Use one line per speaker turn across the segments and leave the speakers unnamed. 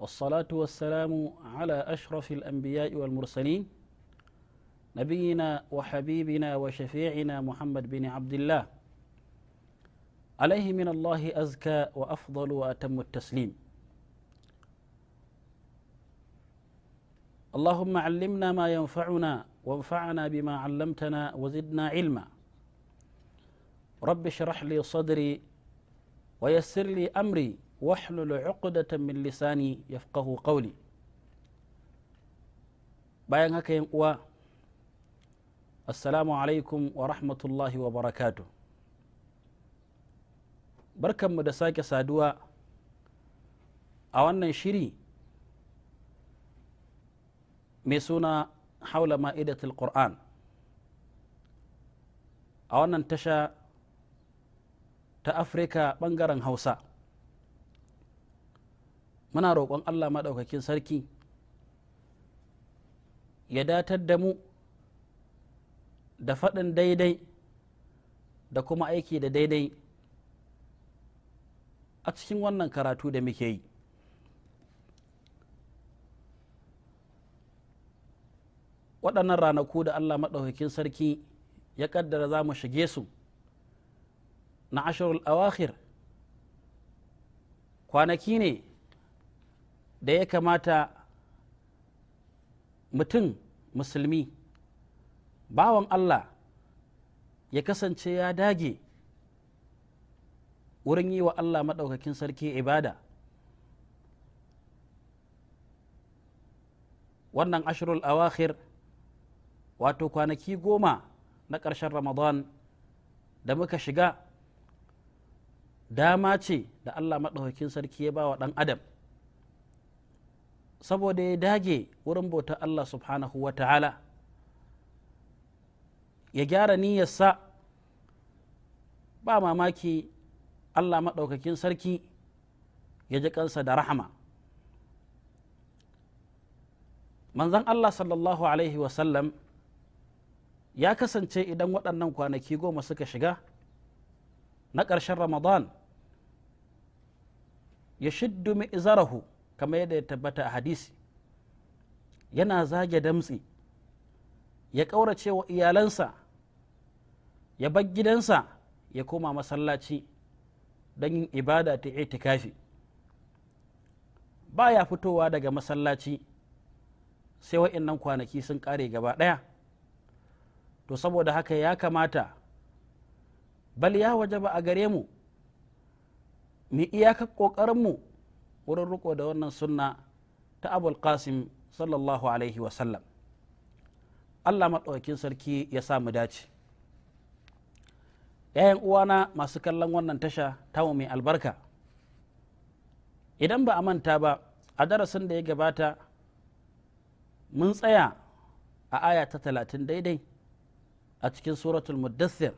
والصلاة والسلام على أشرف الأنبياء والمرسلين نبينا وحبيبنا وشفيعنا محمد بن عبد الله عليه من الله أزكى وأفضل وأتم التسليم اللهم علمنا ما ينفعنا وانفعنا بما علمتنا وزدنا علما رب اشرح لي صدري ويسر لي أمري wahlul uqdatan min lisani yafqahu qawli bayan haka yan uwa assalamu alaikum wa rahmatullahi wa barakatu barkanmu da sake saduwa a wannan shiri mai suna haula ma'idatul qur'an a wannan tasha ta afirka bangaren hausa muna roƙon allah maɗaukakin sarki ya datar da mu da faɗin daidai da kuma aiki da daidai a cikin wannan karatu da muke yi waɗannan ranaku da allah maɗaukakin sarki ya ƙaddara za mu shige su na ashirul awakhir kwanaki ne da ya kamata mutum musulmi bawan Allah ya kasance ya dage wurin yi wa Allah maɗaukakin sarki ibada wannan ashirul awakhir wato kwanaki goma na ƙarshen ramadan da muka shiga dama ce da Allah maɗaukakin sarki ya ba wa ɗan adam saboda ya dage wurin bautar Allah subhanahu wa ta'ala ya gyara niyyarsa ba mamaki Allah maɗaukakin sarki ya ji kansa da rahama manzon Allah sallallahu alaihi wasallam ya kasance idan waɗannan kwanaki goma suka shiga na ƙarshen ramadan ya shiddu izarahu kamar yadda ya tabbata a hadisi yana zage damtsi ya ƙaurace wa iyalansa ya bar gidansa ya koma masallaci don yin ibada ta itikafi ba ya fitowa daga masallaci sai wa'annan kwanaki sun ƙare gaba ɗaya to saboda haka ya kamata bal ya waje ba a gare mu mu iyakar ƙoƙarinmu wurin riko da wannan sunna ta abul qasim sallallahu alaihi wasallam allah maɗaukin sarki ya samu dace ‘ya'yan uwana masu kallon wannan tasha tamu mai albarka idan ba a manta ba a darasin da ya gabata mun tsaya a aya ta talatin daidai a cikin suratul muddassir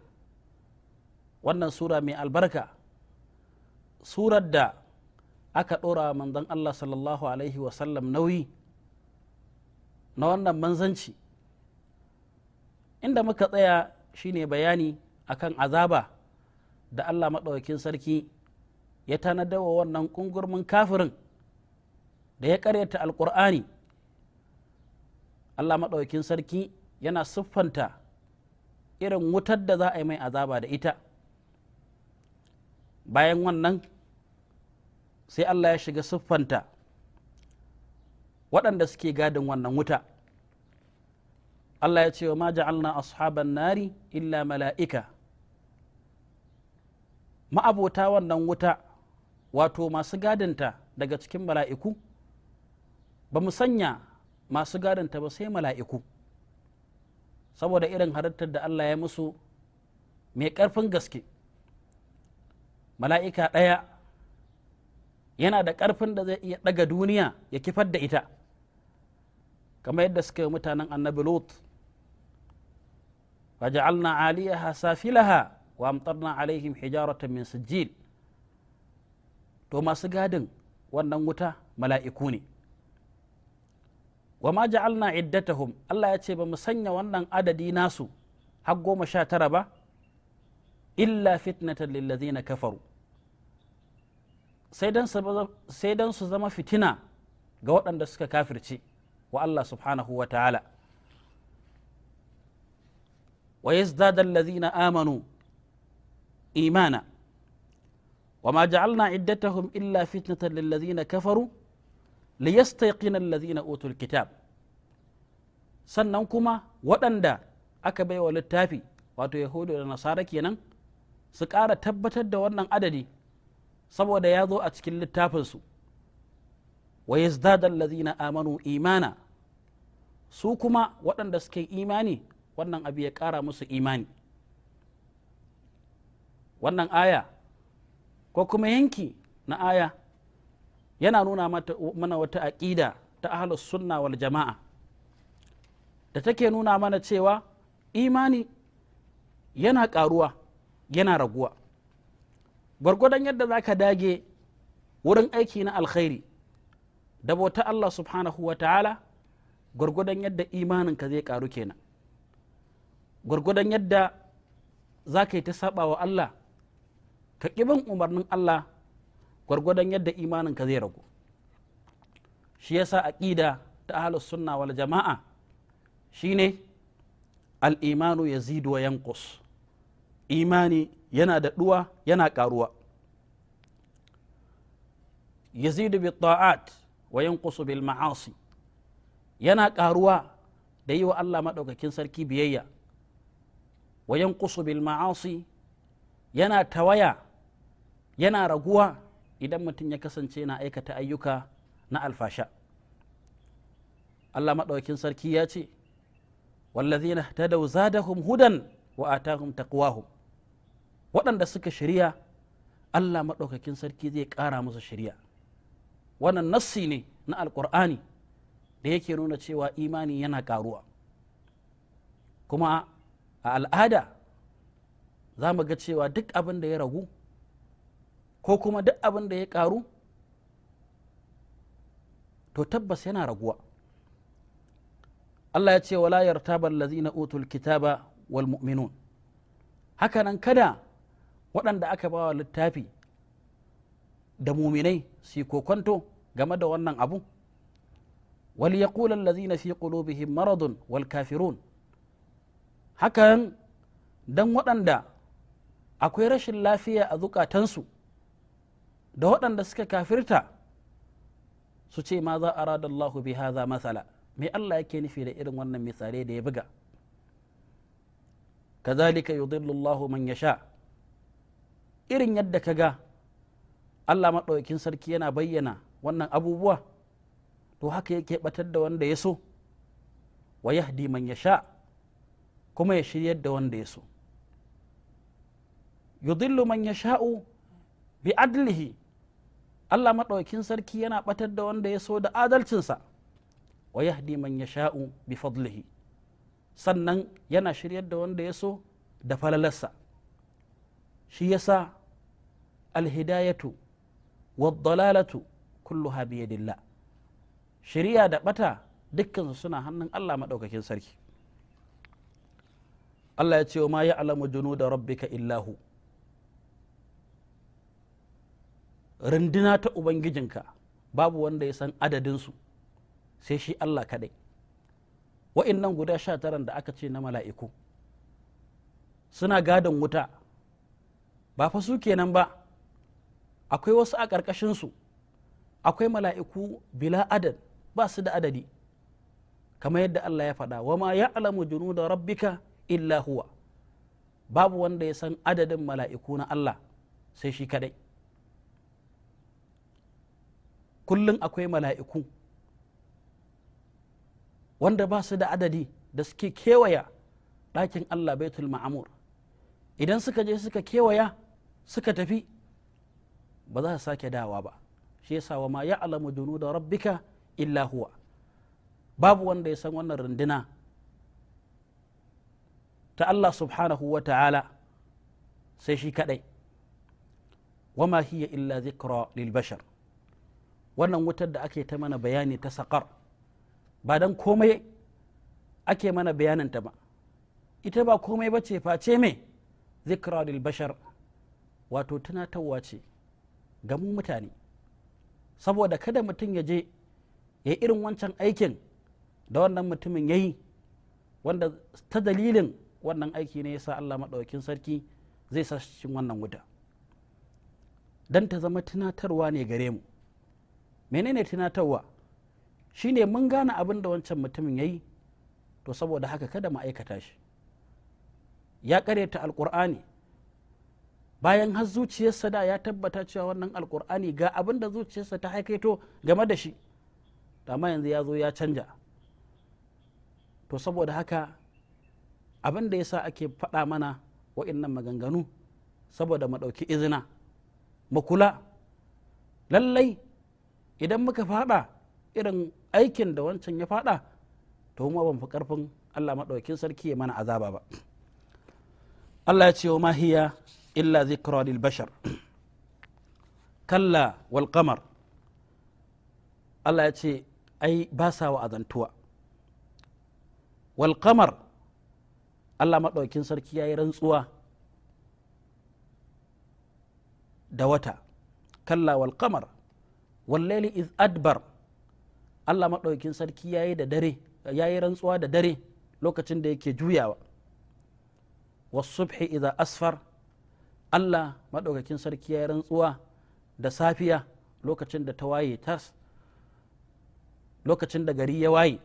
wannan sura mai albarka surar da aka ɗora manzan Allah sallallahu alaihi wasallam nauyi na wannan manzanci inda muka tsaya shine bayani akan azaba da Allah maɗaukin sarki ya tanada wa wannan ƙungurmin kafirin da ya ƙaryata alƙur'ani Allah maɗaukin sarki yana siffanta irin wutar da za a yi mai azaba da ita bayan wannan sai Allah ya shiga siffanta waɗanda suke gadin wannan wuta Allah ya ce wa ma ja'alna ashaban nari illa mala'ika ma'abota wannan wuta wato masu gadinta daga cikin mala'iku ba mu sanya masu gadinta ba sai mala'iku saboda irin halittar da Allah ya musu mai ƙarfin gaske mala'ika ɗaya yana da ƙarfin da zai iya ɗaga duniya ya kifar da ita kamar yadda suka yi mutanen annabi lut faja'alna aliyaha safilaha wa amtarna alaihim hijaratan min sijil to masu gadin wannan wuta mala'iku ne wa ma ja'alna iddatahum Allah ya ce ba mu sanya wannan adadi nasu har goma sha tara ba illa fitnatan lillazina kafaru sai don su zama fitina ga waɗanda suka kafirce wa Allah subhanahu wa ta'ala wa yazdada lazina amanu imana وما جعلنا iddatahum illa فتنة للذين kafaru ليستيقن الذين أوتوا الكتاب sannan kuma waɗanda aka baiwa littafi wato yahudu da nasara kenan su ƙara tabbatar da wannan adadi saboda ya zo a cikin littafinsu wa yazdada allazina amanu imana su kuma waɗanda suke imani wannan abu ya ƙara musu imani wannan aya ko kuma yanki na aya yana nuna mana wata aƙida ta ahlus sunna wal jama'a da take nuna mana cewa imani yana ƙaruwa yana raguwa gwargwadon yadda za ka dage wurin aiki na alkhairi da bauta Allah subhanahu wa ta'ala gwargwadon yadda imaninka zai karu kenan gwargwadon yadda za ka yi ta saba wa Allah ka ƙibin umarnin Allah gwargwadon yadda imaninka zai ragu shi yasa aƙida ta ahlus sunna wal jama'a shine al-imanu yazidu wa yanqus imani yana daɗuwa yana ƙaruwa yazidu bi ta'at wa yanqusu bil ma'asi yana ƙaruwa da yi wa Allah maɗaukakin sarki biyayya wa yanqusu bil ma'asi yana tawaya yana raguwa idan mutum ya kasance na aikata ayyuka na alfasha Allah maɗaukakin sarki ya ce wallazina tadaw zadahum hudan wa atahum taqwahum waɗanda suka shirya Allah maɗaukakin sarki zai ƙara musu shirya wannan nassi ne na alƙur'ani da yake nuna cewa imani yana ƙaruwa kuma a al'ada za mu ga cewa duk abin da ya ragu ko kuma duk abin da ya ƙaru to tabbas yana raguwa Allah ya ce wala yartaba allazina utul kitaba wal mu'minun hakanan kada waɗanda aka ba wa littafi da muminai su kokonto game da wannan abu wal yaqul allazina fi qulubihim maradun wal kafirun hakan dan waɗanda akwai rashin lafiya a zukatansu da waɗanda suka kafirta su ce ma za a rada Allah bi haza masala me Allah yake nufi da irin wannan misalai da ya buga kazalika yudhillu Allah man yasha' irin yadda ka ga allah maɗaukin sarki yana bayyana wannan abubuwa to haka yake batar da wanda ya so wa yahdi man ya sha kuma ya shiryar da wanda ya so yudillu man ya sha'u bi adlihi allah maɗaukin sarki yana batar da wanda ya so da adalcinsa wa yahdi man ya sha'u bi fadlihi sannan yana shiryar da wanda ya so da falalarsa shi yasa alhidayatu waddalalatu kulluha biyadillah shari'a da bata dukkan suna hannun Allah maɗaukakin sarki Allah ya ce wa ma ya'lamu junuda rabbika illahu runduna ta ubangijinka babu wanda ya san adadinsu sai shi Allah kadai wa'innan guda sha taran da aka ce na mala'iku suna gadon wuta ba fa su kenan ba akwai wasu a ƙarƙashinsu akwai mala'iku bila adad ba su da adadi kamar yadda Allah ya faɗa wa ma ya'lamu da rabbika illa huwa babu wanda ya san adadin mala'iku na Allah sai shi kadai kullum akwai mala'iku wanda ba su da adadi da suke kewaya ɗakin Allah baitul ma'amur idan suka je suka kewaya suka tafi ba za su sake dawa ba shi yasa wa ma dunu da rabbika illa huwa babu wanda ya san wannan runduna ta Allah subhanahu wa ta'ala sai shi kadai wa ma hiya illa zikra lil bashar wannan wutar da ake ta mana bayani ta saƙar ba dan komai ake mana bayaninta ba ita ba komai ba ce face me zikra lil bashar wato tunatarwa ce ga mu mutane saboda kada mutum ya je ya irin wancan aikin da wannan mutumin ya yi wanda ta dalilin wannan aiki ne ya sa Allah maɗaukin sarki zai sa cikin wannan wuta don ta zama tunatarwa ne gare mu menene tunatarwa shine mun gane abin da wancan mutumin ya yi to saboda haka kada ma'aikata aikata shi ya karyata alkur'ani bayan har zuciyarsa da ya tabbata cewa wannan alkur'ani ga abin da zuciyarsa ta haikaito game da shi amma yanzu ya zo ya canja to saboda haka abin da sa ake faɗa mana wa'innan maganganu saboda mu ɗauki izina mu kula lallai idan muka faɗa irin aikin da wancan ya faɗa to mu ban fi karfin Allah maɗaukin sarki ya mana azaba ba Allah ya ce wa mahiya illa zai lil bashar kalla wal qamar Allah ya ce ai ba sa wa'azantuwa Allah maɗaukin sarki ya yi rantsuwa da wata kalla wal qamar wallaili iz adbar Allah maɗaukin sarki ya yi da dare ya yi rantsuwa da dare lokacin da yake juyawa wasubhi idza asfar Allah maɗaukakin sarki ya rantsuwa da safiya lokacin da ta waye tas lokacin da gari ya waye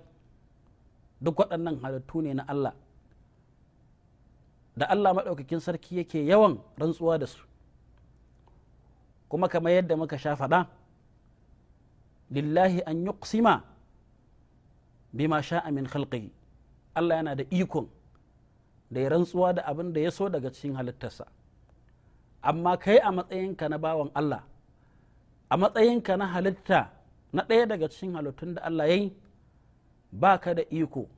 duk waɗannan halittu ne na Allah da Allah maɗaukakin sarki yake yawan rantsuwa da su kuma kamar yadda muka sha faɗa lillahi an yuqsima bima sha'a min khalqihi Allah yana da ikon da ya rantsuwa da abin da ya so daga cikin halittarsa amma kai a matsayinka na bawan Allah a matsayinka na halitta na ɗaya daga cikin halittun da Allah ya yi ba ka da iko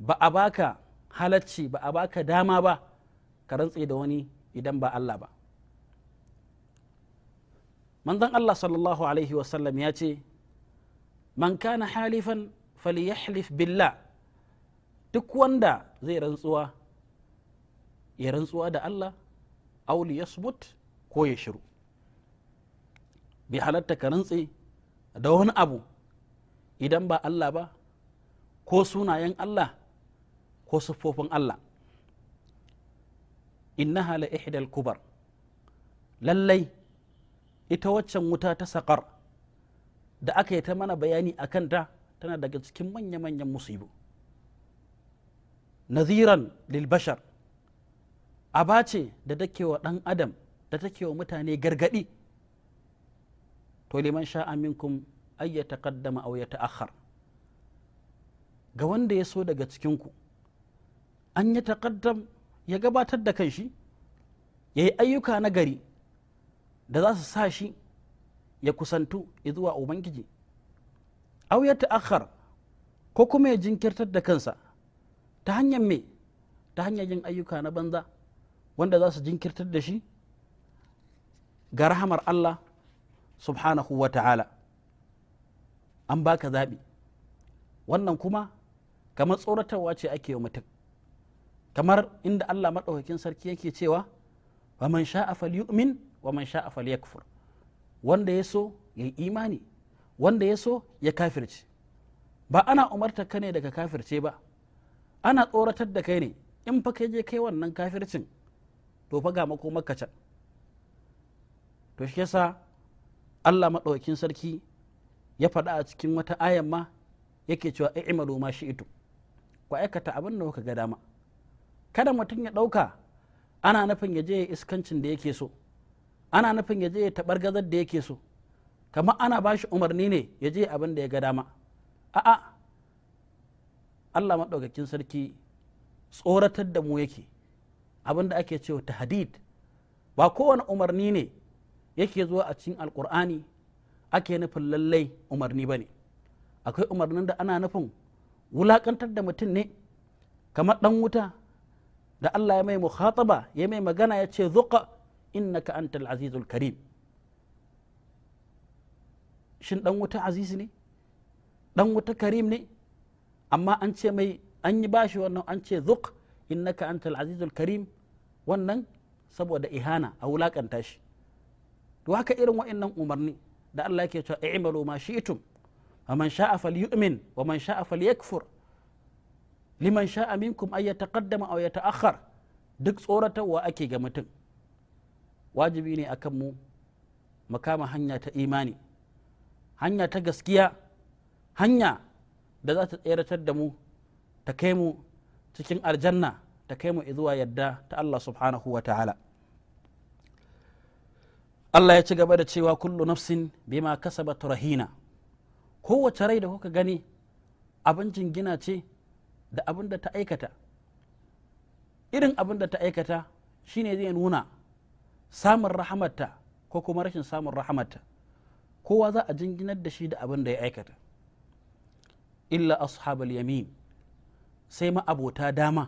ba a baka halacci ba a baka dama ba ka rantse da wani idan ba Allah ba manzon Allah sallallahu alaihi wasallam ya ce man kana halifan falyahlif billah duk wanda zai rantsuwa ya rantsuwa da Allah Auli ya yasbut ko ya shiru bai halatta ka rantse da wani abu idan ba Allah ba ko sunayen Allah ko siffofin Allah Inna Hala ihdal kubar lallai ita waccan wuta ta saƙar da aka yi ta mana bayani a kanta tana daga cikin manya-manyan musibu naziran lil bashar aba ce da take wa ɗan adam da take wa mutane gargaɗi to liman sha'a minkum ay ya taqaddama aw ya ga wanda ya so daga cikin ku an ya taqaddam ya gabatar da kanshi yayi ayyuka na gari da za su sa shi ya kusantu zuwa ubangiji aw ya ta'akhkhar ko kuma ya jinkirtar da kansa ta hanyar me ta hanyar yin ayyuka na banza wanda za su jinkirtar da shi ga rahamar Allah subhanahu wa ta'ala an baka zaɓi wannan kuma kamar tsoratarwa ce ake yi mutum kamar inda Allah maɗaukakin sarki yake cewa wa man sha'a yu'min wa man sha'a yakfur wanda ya so ya yi imani wanda ya so ya kafirce ba ana umartar ka ne daga kafirce ba ana tsoratar da kai ne in fa kai je kai wannan kafircin to fa ga makoma kacal? to shi yasa Allah maɗaukin sarki ya faɗa a cikin wata ayan ma yake cewa i'malu ma shi'tu ku aikata abin da kuka ga dama kada mutum ya ɗauka ana nufin ya je iskancin da yake so ana nufin ya je ya taɓar gazar da yake so kamar ana bashi umarni ne ya je abin da ya ga dama a'a Allah maɗaukakin sarki tsoratar da mu yake abin da ake cewa hadid ba kowane umarni ne yake zuwa a cikin alkur'ani ake nufin lallai umarni ba ne akwai umarnin da ana nufin wulakantar da mutum ne kamar dan wuta da Allah ya mai muhataba ya mai magana ya ce zuqa innaka antal azizul karim shin dan wuta aziz ne dan wuta karim ne amma an ce mai an yi bashi wannan an ce zuq innaka antal azizul karim wannan saboda ihana a wulakanta shi to haka irin wa'annan umarni da Allah yake cewa i'malu ma shi'tum wa man sha'a falyu'min wa man sha'a falyakfur liman sha'a minkum ay yataqaddama aw yata'akhkhar duk tsoratarwa ake ga mutum wajibi ne akan mu mu kama hanya ta imani hanya ta gaskiya hanya da za ta tseratar da mu ta kai mu cikin aljanna ta kai mu zuwa yadda ta Allah subhanahu wa ta'ala Allah ya ci gaba da cewa kullu nafsin bima kasabat rahina kowace rai da kuka gani abin jingina ce da abin da ta aikata irin abin da ta aikata shine zai nuna samun rahamarta ko kuma rashin samun rahamarta kowa za a jinginar da shi da abin da ya aikata illa ashabul yamin sai ma'abota dama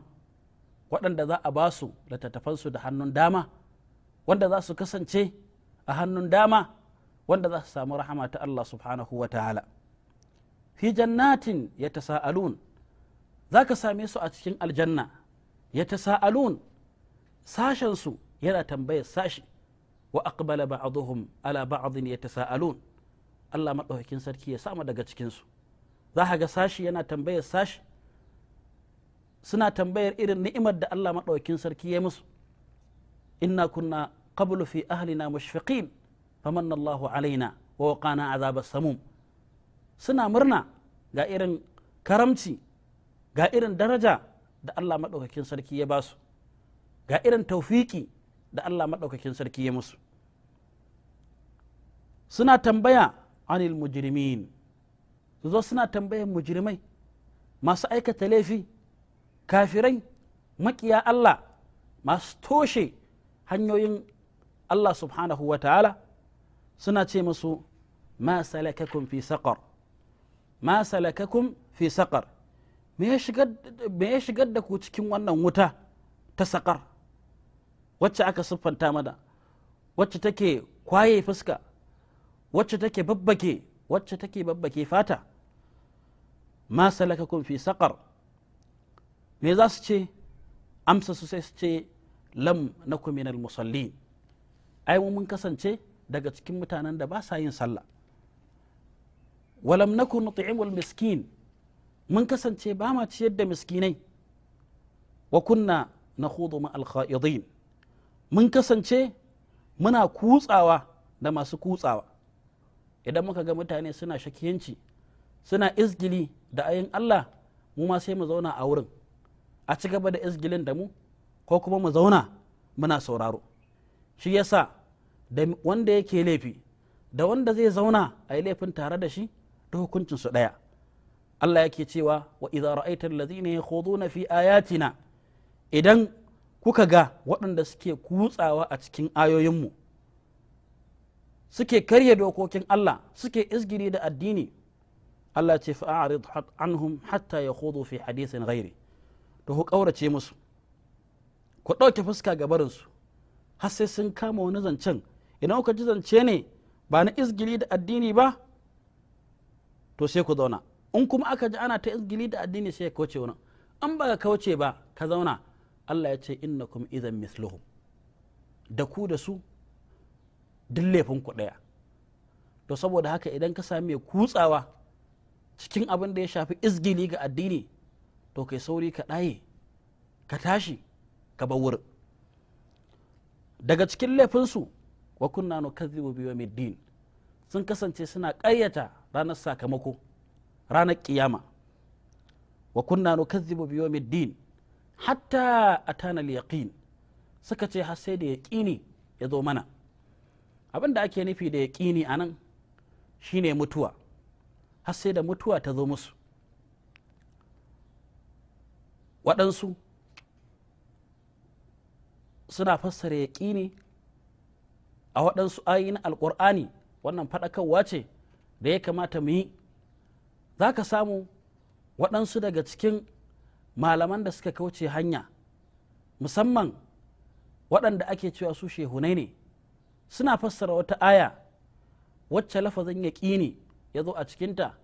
waɗanda za a ba su littattafansu da hannun dama wanda za su kasance a hannun dama wanda za su samu rahama ta Allah subhanahu wa ta'ala fi jannatin ya tasa'alun za ka same su a cikin aljanna ya tasa'alun sashensu yana tambayar sashi wa aqbala ba'dhum ala ba'dhin yatasaalun Allah madaukakin sarki ya samu daga cikin su za ga sashi yana tambayar sashi suna tambayar irin ni'imar da Allah maɗaukin sarki ya musu inna kunna qablu fi ahlina mushfiqin famanna Allahu alaina wa waqana azabas samum suna murna ga irin karamci ga irin daraja da Allah maɗaukakin sarki ya basu ga irin taufiki da Allah maɗaukakin sarki ya musu suna tambaya anil mujrimin zo suna tambayar mujrimai masu aikata laifi kafirai makiya Allah masu toshe hanyoyin Allah subhanahu wa ta'ala suna ce masu ma fi saƙar. ma fi saƙar. me ya shigar da ku cikin wannan wuta ta saƙar wacce aka siffanta mada wacce take kwaye fuska wacce take babbake wacce take babbake fata ma fi saƙar me za su ce amsa su sai su ce lam na kuminal musallin ai mun kasance daga cikin mutanen da ba sa yin sallah walam naku nut'imul miskin mun kasance ba ma ciyar da miskinai wa kunna nakhudu ma al-kha'idin mun kasance muna kutsawa da masu kutsawa idan muka ga mutane suna shakiyanci suna izgili da ayin Allah mu ma sai mu zauna a wurin a ci gaba da isgilin da mu ko kuma mu zauna muna sauraro shi yasa da wanda yake laifi da wanda zai zauna a yi laifin tare da shi da hukuncin su ɗaya Allah yake cewa wa idza ra'aita allazina yakhuduna fi ayatina idan kuka ga waɗanda suke kutsawa a cikin ayoyinmu suke karya dokokin Allah suke izgiri da addini Allah ce fa'arid anhum hatta yakhudu fi hadisin ghairi to ku ƙaurace musu ku ɗauke fuska ga barinsu har sai sun kama wani zancen idan kuka ji zance ne ba na izgili da addini ba to sai ku zauna in kuma aka ji ana ta izgili da addini sai ya kauce wani an ba ka kauce ba ka zauna Allah ya ce kuma idan misluhum da ku da su duk laifin ku ɗaya to saboda haka idan ka sami kutsawa cikin abin da ya shafi izgili ga addini to kai sauri ka ɗaye ka tashi ka bar wuri. daga cikin laifinsu wa kunna nukazzibu bi yawmid din sun kasance suna ƙayyata ranar sakamako ranar kiyama wa kunna nukazzibu bi yawmid din hatta a al yaƙin suka ce har sai da yaqini ya zo mana abin da ake nufi da yaqini anan shine mutuwa har sai da mutuwa ta zo musu waɗansu suna fassara ne a waɗansu ayin alƙur'ani wannan faɗakarwa ce da ya kamata mu yi za ka samu waɗansu daga cikin malaman da suka kauce hanya musamman waɗanda ake cewa su shehunai ne suna fassara wata aya wacce lafazin yaƙini ya zo a cikinta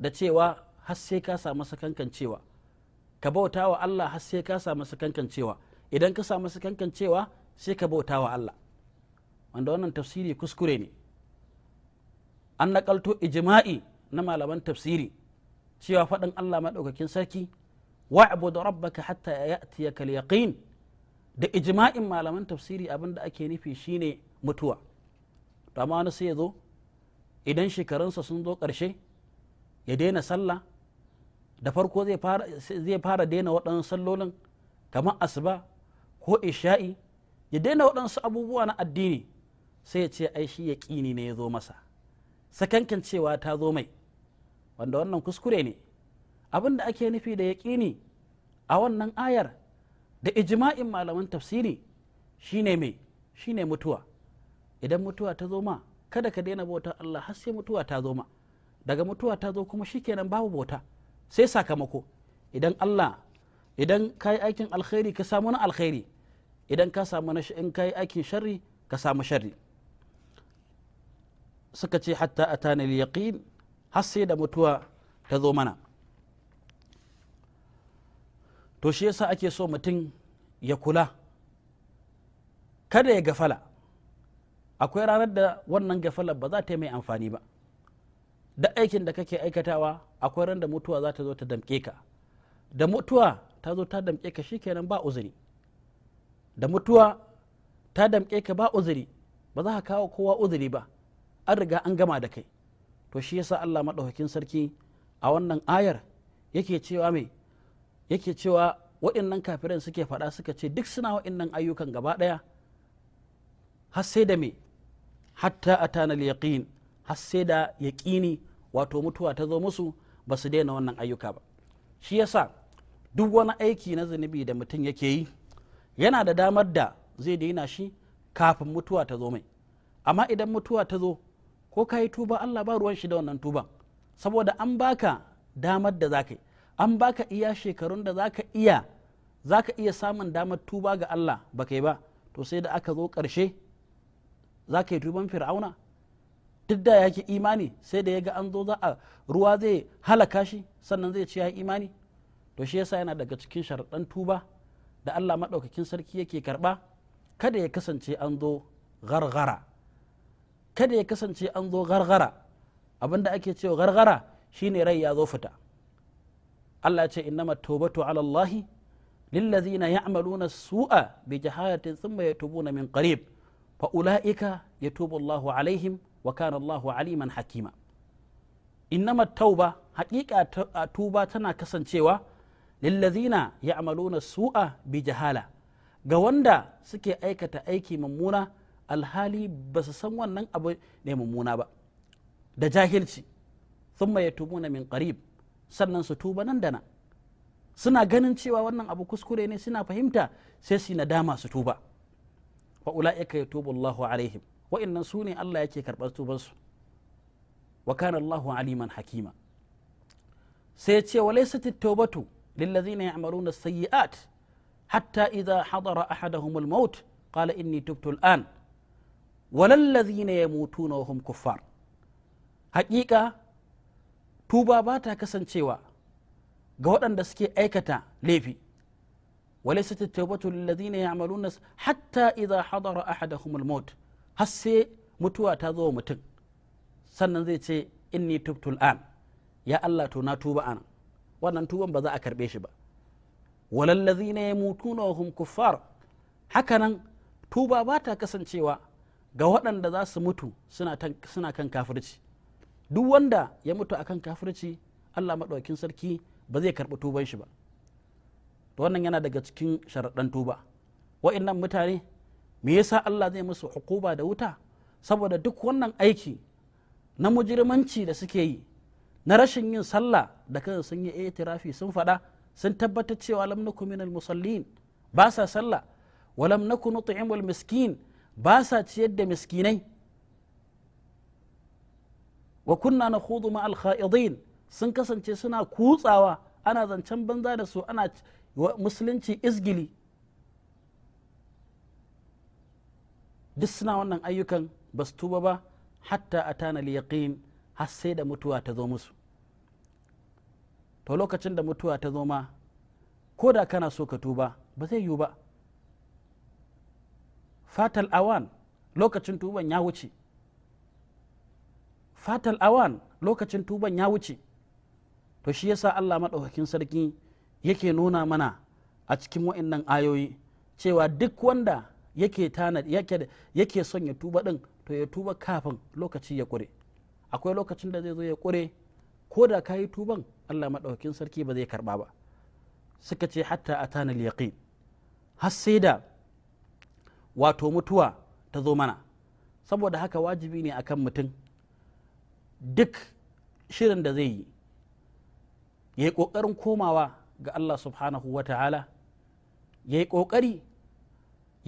da cewa har sai ka samu sakankan cewa ka bauta wa Allah har sai ka samu cewa. idan ka samu cewa, sai ka bauta wa Allah wanda wannan tafsiri kuskure ne an nakalto ijma'i na malaman tafsiri cewa faɗin Allah maɗaukakin sarki wa'bud rabbaka hatta ya ya'tiyaka al-yaqin da ijma'in malaman tafsiri abin da ake nufi shine mutuwa to amma wani sai ya zo idan shekarunsa sun zo ƙarshe ya daina sallah da farko zai fara daina waɗansu sallolin kamar asuba ko isha'i ya daina waɗansu abubuwa na addini sai ya ce ai shi ya ƙini ne ya zo masa sakankan cewa ta zo mai wanda wannan kuskure ne abin da ake nufi da ya ƙini a wannan ayar da ijima'in malaman tafsiri shine mai shine mutuwa idan mutuwa ta zo ma kada ka daina bautar Allah har sai mutuwa ta zo ma daga mutuwa ta zo kuma shikenan babu bauta sai sakamako idan Allah idan ka yi aikin alkhairi ka samu na alkhairi idan ka samu na in ka yi aikin sharri ka samu sharri suka ce hatta atana yaqin har sai da mutuwa ta zo mana to shi yasa ake so mutum ya kula kada ya gafala akwai ranar da wannan gafalar ba za ta yi mai amfani ba da aikin da kake aikatawa akwai ran da mutuwa za ta zo ta damƙe ka da mutuwa ta zo ta damƙe ka shikenan ba uzuri da mutuwa ta damƙe ka ba uzuri ba za ka kawo kowa uzuri ba an riga an gama da kai to shi yasa Allah maɗaukakin sarki a wannan ayar yake cewa me yake cewa waɗannan kafiran suke faɗa suka ce duk suna waɗannan ayyukan gaba ɗaya har sai da me hatta atana al-yaqin har sai da yaqini wato mutuwa ta zo musu ba su daina wannan ayyuka ba shi yasa duk wani aiki na zunubi da mutum yake yi yana da damar da zai daina shi kafin mutuwa ta zo mai amma idan mutuwa ta zo ko ka yi tuba allah ba ruwan shi da wannan tuban saboda an baka damar da za ka yi an baka iya shekarun da za ka iya za iya samun damar tuba ga allah ba kai ba to sai da aka zo ƙarshe za ka yi tuban fir'auna duk da yake imani sai da ya ga an zo za a ruwa zai halaka shi sannan zai ce ya imani to shi yasa yana daga cikin sharaɗan tuba da Allah maɗaukakin sarki yake karɓa kada ya kasance an zo gargara kada ya kasance an zo gargara abinda ake cewa gargara shine rai ya zo fita Allah ya ce innama tawbatu ala Allah lillazina ya'maluna su'a bi jahalatin thumma yatubuna min qarib fa ulaika yatubu Allahu alaihim wa kana Allahu aliman hakima innama tauba haƙiƙa a tuba tana kasancewa lillazina ya'maluna su'a bi jahala ga wanda suke aikata aiki mummuna alhali ba su san wannan abu ne mummuna ba da jahilci thumma yatubuna min qarib sannan su tuba nan da nan suna ganin cewa wannan abu kuskure ne suna fahimta sai su dama su tuba fa ula'ika yatubu Allahu alaihim wa'annan su ne Allah yake karɓar tubansu wa kana Allahu aliman hakima sai ce wa laysat at-tawbatu lillazina ya'maluna as-sayyi'at hatta idza hadara ahaduhum al-maut qala inni tubtu al-an wa lillazina yamutuna wa hum kuffar haƙiƙa tuba ba ta kasancewa ga waɗanda suke aikata laifi وليست التوبة للذين يعملون حتى إذا حضر أحدهم الموت har sai mutuwa ta zo wa mutum sannan zai ce inni tubtul an ya Allah to na tuba an wannan tuban ba za a karbe shi ba walallazina yamutuna wa hum kuffar hakanan tuba ba ta kasancewa ga waɗanda za su mutu suna kan kafirci duk wanda ya mutu akan kafirci Allah maɗaukin sarki ba zai karɓi tuban shi ba wannan yana daga cikin sharaɗan tuba nan mutane me yasa Allah zai musu hukuba da wuta saboda duk wannan aiki na mujirmanci da suke yi na rashin yin sallah da kan sun yi itirafi sun faɗa sun tabbatar cewa lam naku minal musallin ba sa sallah wa lam naku nut'imul miskin ba sa ciyar da miskinai wa kunna nakhudu ma khaidin sun kasance suna kutsawa ana zancen banza da su ana musulunci izgili duk suna wannan ayyukan ba su tuba ba hatta a tana liyaƙin har sai da mutuwa ta zo musu to lokacin da mutuwa ta zo ma ko da kana so ka tuba ba zai yiwu ba fatal awan lokacin tuban ya wuce fatal awan lokacin tuban ya wuce to shi yasa Allah maɗaukakin sarki yake nuna mana a cikin wa'annan ayoyi cewa duk wanda yake tanad yake yake son ya tuba din to ya tuba kafin lokaci ya kure akwai lokacin da zai zo ya kure ko da kayi tuban Allah maɗaukin sarki ba zai karba ba suka ce hatta a al-yaqin har sai da wato mutuwa ta zo mana saboda haka wajibi ne akan mutum duk shirin da zai yi ya yi ƙoƙarin komawa ga Allah subhanahu wa ta'ala ya yi ƙoƙari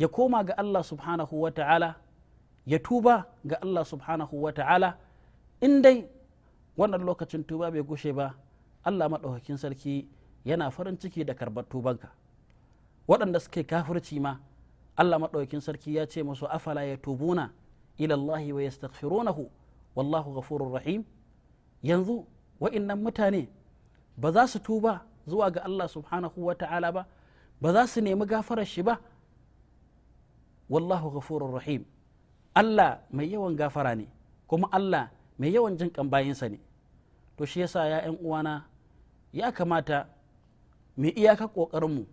ya koma ga Allah subhanahu wa ta'ala ya tuba ga Allah subhanahu wa ta'ala in dai wannan lokacin tuba bai gushe ba Allah maɗaukakin sarki yana farin ciki da karɓar tubanka waɗanda suke kafirci ma Allah maɗaukakin sarki ya ce musu afala ya tubuna ilallahi wa nahu. wallahu ghafurur rahim yanzu wa'innan mutane ba za su tuba zuwa ga Allah subhanahu wa ta'ala ba ba za su nemi gafarar shi ba wallahu ghafurur rahim Allah mai yawan gafara ne kuma Allah mai yawan jin kan bayinsa ne to shi yasa ya ƴan uwana ya kamata mu iyaka ƙoƙarinmu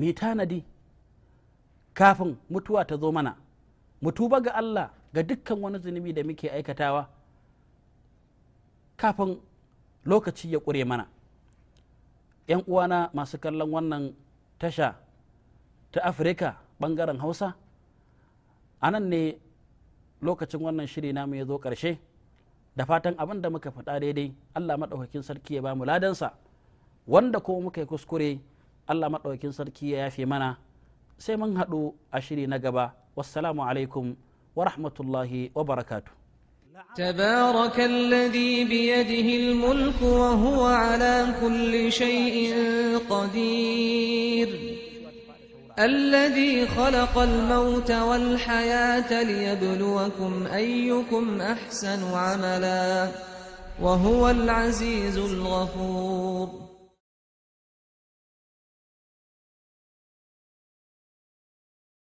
mu tanadi kafin mutuwa ta zo mana mu tuba ga Allah ga dukkan wani zunubi da muke aikatawa kafin lokaci ya ƙure mana ‘yan uwana masu kallon wannan tasha ta afirka bangaren hausa a nan ne lokacin wannan shiri namu ya zo ƙarshe da fatan abin da muka faɗa daidai allah maɗaukakin sarki ya ba mu ladansa wanda kuma muka yi kuskure allah maɗaukakin sarki ya yafe mana sai mun haɗu a shiri na gaba wassalamu alaikum wa rahmatullahi wa barakatu تبارك الذي بيده الملك وهو على كل شيء قدير الذي خلق الموت والحياة ليبلوكم أيكم أحسن عملا وهو العزيز الغفور